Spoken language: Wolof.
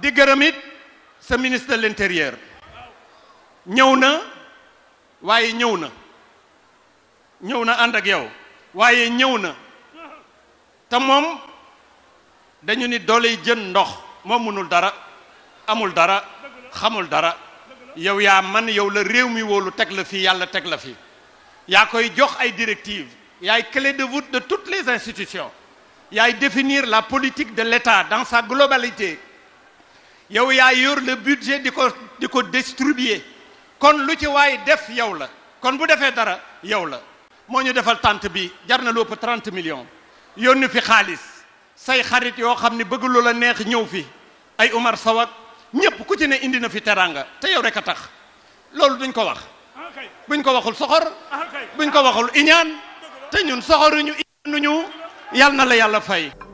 di gërëm it sa ministre de l'intérieur ñëw na waaye ñëw na ñëw na ànd ak yow waaye ñëw na te moom dañu ni dooley jën ndox moo mënul dara amul dara xamul dara yow yaa man yow la réew mi wóolu teg la fi yàlla teg la fi yaa koy jox ay directives yaay clé de voûte de toutes les institutions yaay définir la politique de l'État dans sa globalité yow yaa yor le budget di ko di ko distribuer kon lu ci waay def yow la kon bu defee dara yow la moo ñu defal tànt bi jar na lu ëpp million millions yónni fi xaalis say xarit yoo xam ne bëgg lu la neex ñëw fi ay Umar Sow ak ñépp ku ci ne indi na fi teranga te yow rek a tax loolu duñ ko wax buñ ko waxul soxor buñ ko waxul iñaan te ñun soxoruñu iñaanuñu yàlla na la yàlla fay